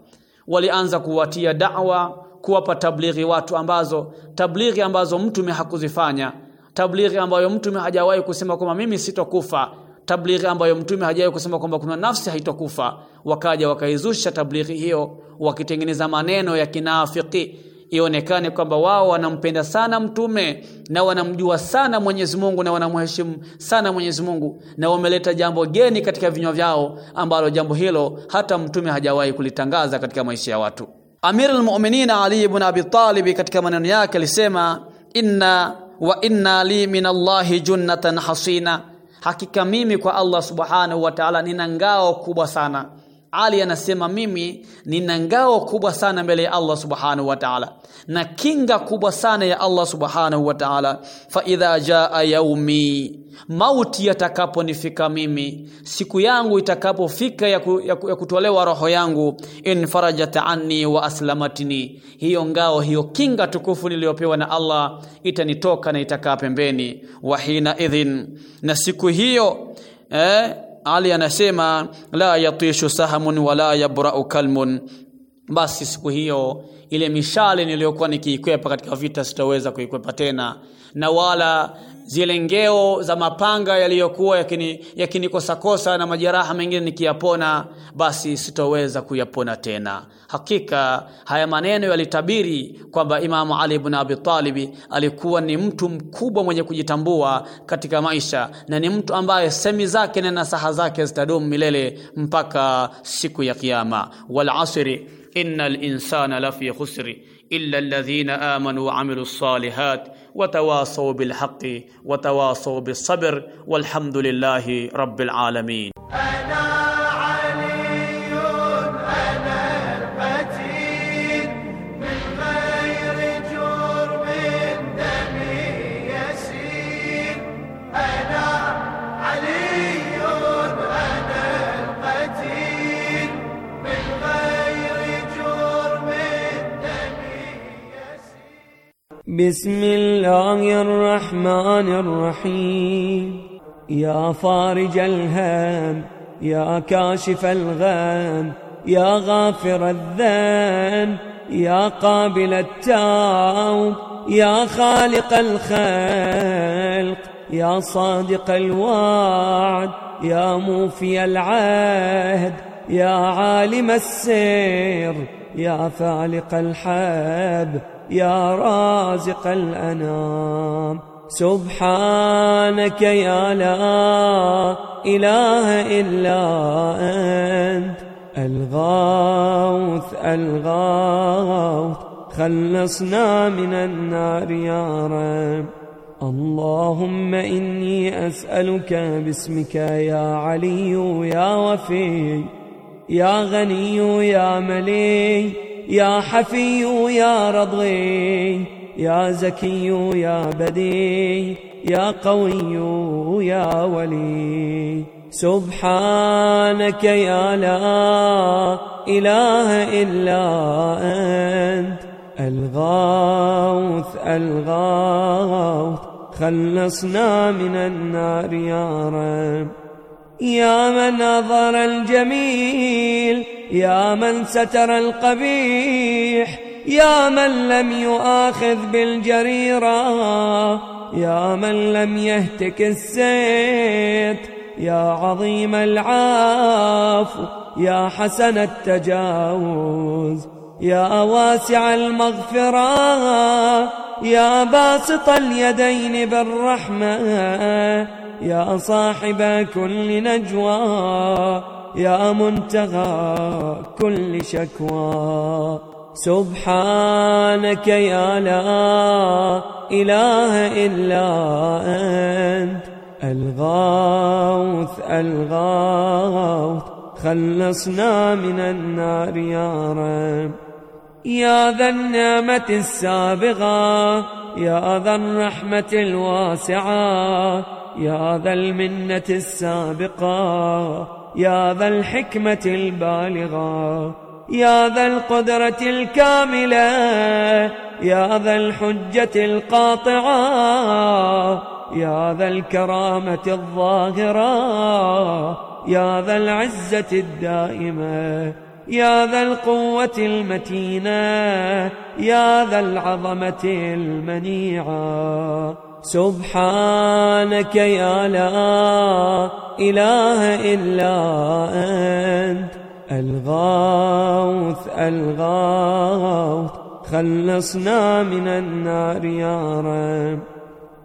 walianza kuwatia da'wa kuwapa tablighi watu ambazo tablighi ambazo mtume hakuzifanya tablighi ambayo mtume hajawahi kusema kwamba mimi sitokufa tablighi ambayo mtume hajawahi kusema kwamba kuna nafsi haitokufa wakaja wakaizusha tablighi hiyo wakitengeneza maneno ya kinafiki ionekane kwamba wao wanampenda sana mtume na wanamjua sana Mwenyezi Mungu na wanamheshimu sana Mwenyezi Mungu na wameleta jambo geni katika vinywa vyao ambalo jambo hilo hata mtume hajawahi kulitangaza katika maisha ya watu Amir al-Mu'minin Ali ibn Abi Talib katika maneno yake alisema inna wa inna li min Allahi junnatan hasina, hakika mimi kwa Allah subhanahu wa ta'ala nina ngao kubwa sana ali anasema mimi nina ngao kubwa sana mbele ya Allah subhanahu wa ta'ala na kinga kubwa sana ya Allah subhanahu wa ta'ala fa idha jaa yaumi mauti yatakaponifika mimi siku yangu itakapofika ya, ku, ya, ku, ya kutolewa roho yangu in farajat anni wa aslamatini hiyo ngao hiyo kinga tukufu niliyopewa na Allah itanitoka na itakaa pembeni wa hina idhin na siku hiyo eh ali anasema la yatishu sahamun wala yabra'u kalmun, basi siku hiyo ile mishale niliyokuwa nikiikwepa katika vita sitaweza kuikwepa tena, na wala zile ngeo za mapanga yaliyokuwa yakinikosakosa yakini na majeraha mengine nikiyapona, basi sitoweza kuyapona tena. Hakika haya maneno yalitabiri kwamba Imamu Ali ibn Abi Talib alikuwa ni mtu mkubwa mwenye kujitambua katika maisha na ni mtu ambaye semi zake na nasaha zake zitadumu milele mpaka siku ya Kiyama. wal asri innal insana lafi khusri illa alladhina amanu wa amilu salihati وتواصوا بالحق وتواصوا بالصبر والحمد لله رب العالمين بسم الله الرحمن الرحيم يا فارج الهم يا كاشف الغم يا غافر الذنب يا قابل التوب يا خالق الخلق يا صادق الوعد يا موفي العهد يا عالم السر يا فالق الحب يا رازق الأنام سبحانك يا لا إله إلا أنت الغوث الغوث خلصنا من النار يا رب اللهم إني أسألك باسمك يا علي يا وفي يا غني يا ملي يا حفي يا رضي يا زكي يا بدي يا قوي يا ولي سبحانك يا لا إله إلا أنت الغوث الغوث خلصنا من النار يا رب يا من نظر الجميل يا من ستر القبيح يا من لم يؤاخذ بالجريرة يا من لم يهتك السيت يا عظيم العفو يا حسن التجاوز يا واسع المغفرة يا باسط اليدين بالرحمة يا صاحب كل نجوى يا منتهى كل شكوى سبحانك يا لا إله إلا أنت الغوث الغوث خلصنا من النار يا رب يا ذا النعمة السابغة يا ذا الرحمة الواسعة يا ذا المنة السابقة يا ذا الحكمة البالغة يا ذا القدرة الكاملة يا ذا الحجة القاطعة يا ذا الكرامة الظاهرة يا ذا العزة الدائمة يا ذا القوة المتينة يا ذا العظمة المنيعة سبحانك يا لا إله إلا أنت الغوث الغوث خلصنا من النار يا رب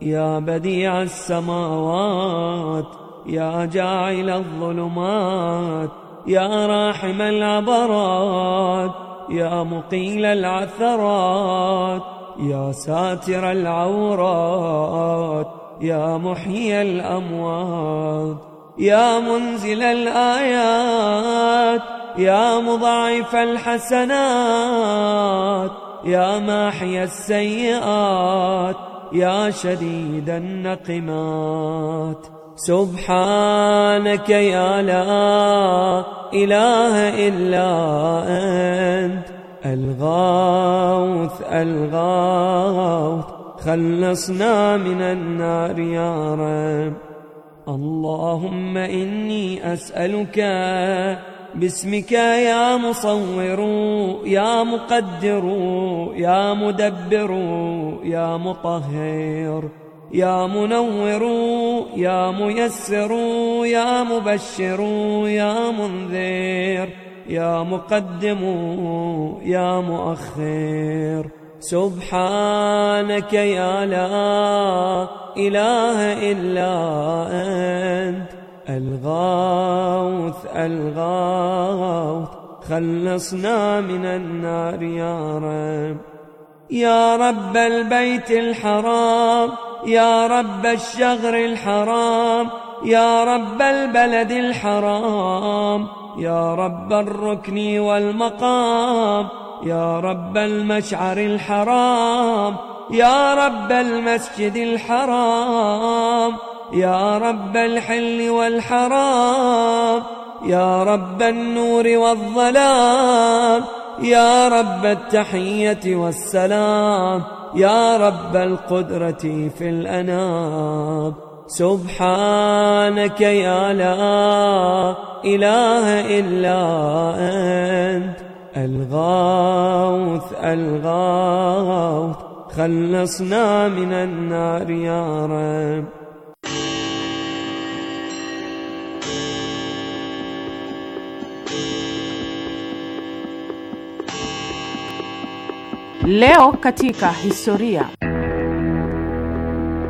يا بديع السماوات يا جاعل الظلمات يا راحم العبرات يا مقيل العثرات يا ساتر العورات يا محيي الأموات يا منزل الآيات يا مضاعف الحسنات يا ماحي السيئات يا شديد النقمات سبحانك يا لا إله إلا أنت الغوث الغوث خلصنا من النار يا رب اللهم إني أسألك باسمك يا مصور يا مقدر يا مدبر يا مطهر يا منور يا ميسر يا مبشر يا منذر يا مقدم يا مؤخر سبحانك يا لا إله إلا أنت الغوث الغوث خلصنا من النار يا رب يا رب البيت الحرام يا رب الشغر الحرام يا رب البلد الحرام يا رب الركن والمقام يا رب المشعر الحرام يا رب المسجد الحرام يا رب الحل والحرام يا رب النور والظلام يا رب التحية والسلام يا رب القدرة في الأنام سبحانك يا لا إله إلا أنت الغوث الغوث خلصنا من النار يا رب Leo katika historia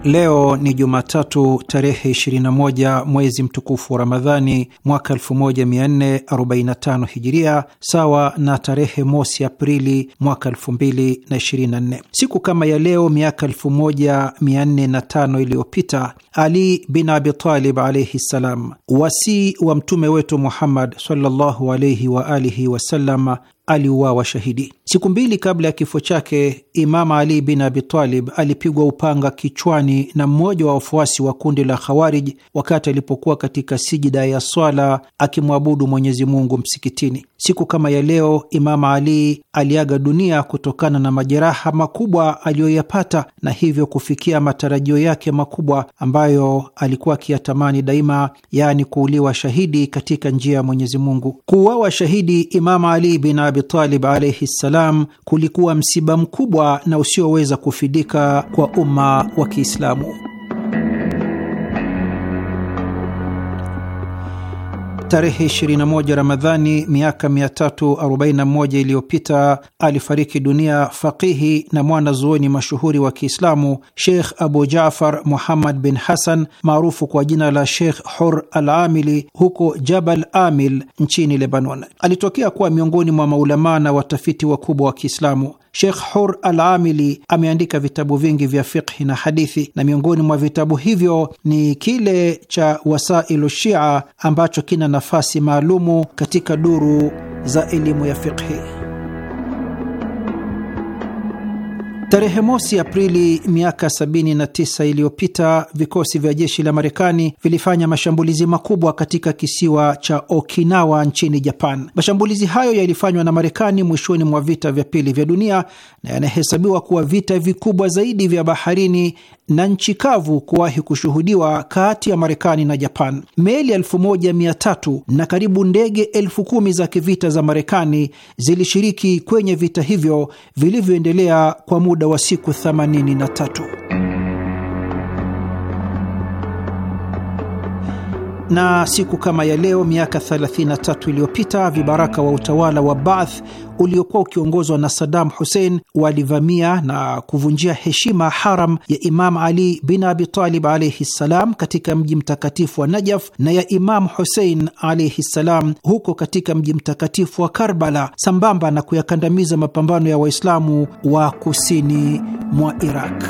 Leo ni Jumatatu tarehe 21 mwezi mtukufu wa Ramadhani mwaka 1445 Hijiria, sawa na tarehe mosi Aprili mwaka 2024. Siku kama ya leo miaka 1405 iliyopita, Ali bin Abitalib alaihi ssalam, wasii wa mtume wetu Muhammad sallallahu alaihi waalihi wasallam aliuawa shahidi. Siku mbili kabla ya kifo chake, imama Ali bin Abi Talib alipigwa upanga kichwani na mmoja wa wafuasi wa kundi la Khawarij wakati alipokuwa katika sijida ya swala akimwabudu Mwenyezi Mungu msikitini. Siku kama ya leo Imam Ali aliaga dunia kutokana na majeraha makubwa aliyoyapata na hivyo kufikia matarajio yake makubwa ambayo alikuwa akiyatamani daima, yaani kuuliwa shahidi katika njia ya Mwenyezi Mungu. Kuuawa shahidi Imam Ali bin Abi Talib alaihi ssalam kulikuwa msiba mkubwa na usioweza kufidika kwa umma wa Kiislamu. Tarehe 21 Ramadhani miaka 341 iliyopita alifariki dunia faqihi na mwanazuoni mashuhuri wa Kiislamu Sheikh Abu Jafar Muhammad bin Hassan maarufu kwa jina la Sheikh Hur al Amili huko Jabal Amil nchini Lebanon. Alitokea kuwa miongoni mwa maulamaa na watafiti wakubwa wa Kiislamu. Sheikh Hur Al Amili ameandika vitabu vingi vya fiqhi na hadithi, na miongoni mwa vitabu hivyo ni kile cha Wasailu Shia ambacho kina nafasi maalumu katika duru za elimu ya fiqhi. Tarehe mosi Aprili miaka 79 iliyopita vikosi vya jeshi la Marekani vilifanya mashambulizi makubwa katika kisiwa cha Okinawa nchini Japan. Mashambulizi hayo yalifanywa na Marekani mwishoni mwa vita vya pili vya dunia na yanahesabiwa kuwa vita vikubwa zaidi vya baharini na nchi kavu kuwahi kushuhudiwa kati ya Marekani na Japan. Meli 1300 na karibu ndege 10000 za kivita za Marekani zilishiriki kwenye vita hivyo vilivyoendelea kwa muda wa siku 83. na siku kama ya leo miaka 33 iliyopita vibaraka wa utawala wa Baath uliokuwa ukiongozwa na Saddam Hussein walivamia na kuvunjia heshima haram ya Imam Ali bin Abi Talib alaihi ssalam katika mji mtakatifu wa Najaf na ya Imam Hussein alaihi ssalam huko katika mji mtakatifu wa Karbala, sambamba na kuyakandamiza mapambano ya Waislamu wa kusini mwa Iraq.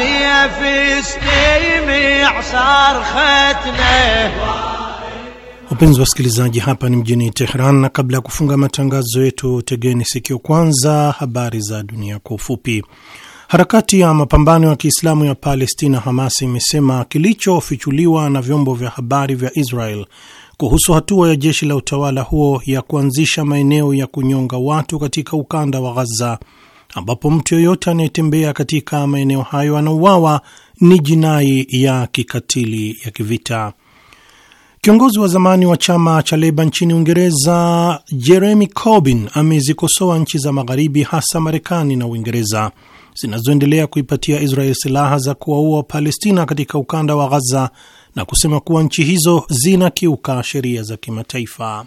راسي عصار صرختنا Wapenzi wasikilizaji, hapa ni mjini Teheran, na kabla ya kufunga matangazo yetu, tegeni sikio kwanza habari za dunia kwa ufupi. Harakati ya mapambano ya Kiislamu ya Palestina Hamas imesema kilichofichuliwa na vyombo vya habari vya Israel kuhusu hatua ya jeshi la utawala huo ya kuanzisha maeneo ya kunyonga watu katika ukanda wa Ghaza ambapo mtu yoyote anayetembea katika maeneo hayo anauawa, ni jinai ya kikatili ya kivita. Kiongozi wa zamani wa chama cha Leba nchini Uingereza, Jeremy Corbyn, amezikosoa nchi za Magharibi, hasa Marekani na Uingereza zinazoendelea kuipatia Israel silaha za kuwaua Wapalestina katika ukanda wa Ghaza na kusema kuwa nchi hizo zinakiuka sheria za kimataifa.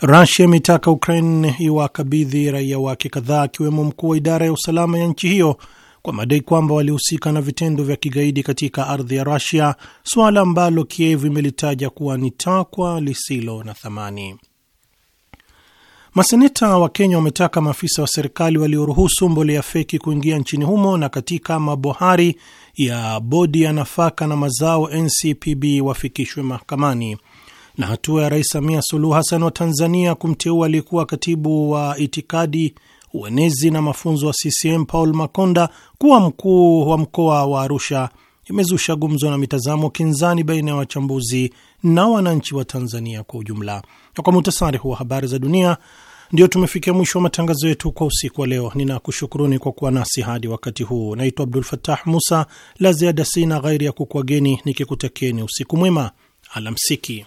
Rasia imetaka Ukraine iwakabidhi raia wake kadhaa akiwemo mkuu wa idara ya usalama ya nchi hiyo kwa madai kwamba walihusika na vitendo vya kigaidi katika ardhi ya Rasia, suala ambalo Kiev imelitaja kuwa ni takwa lisilo na thamani. Maseneta wa Kenya wametaka maafisa wa serikali walioruhusu mbolea feki kuingia nchini humo na katika mabohari ya bodi ya nafaka na mazao NCPB wafikishwe mahakamani na hatua ya Rais Samia Suluhu Hassan wa Tanzania kumteua aliyekuwa katibu wa itikadi, uenezi na mafunzo wa CCM Paul Makonda kuwa mkuu wa mkoa wa Arusha imezusha gumzo na mitazamo kinzani baina ya wachambuzi na wananchi wa Tanzania kwa ujumla. Na kwa muhtasari wa habari za dunia, ndio tumefikia mwisho wa matangazo yetu kwa usiku wa leo. Ninakushukuruni kwa kuwa nasi hadi wakati huu. Naitwa Abdul Fatah Musa. La ziada sina ghairi ya kukwageni nikikutakeni usiku mwema, alamsiki.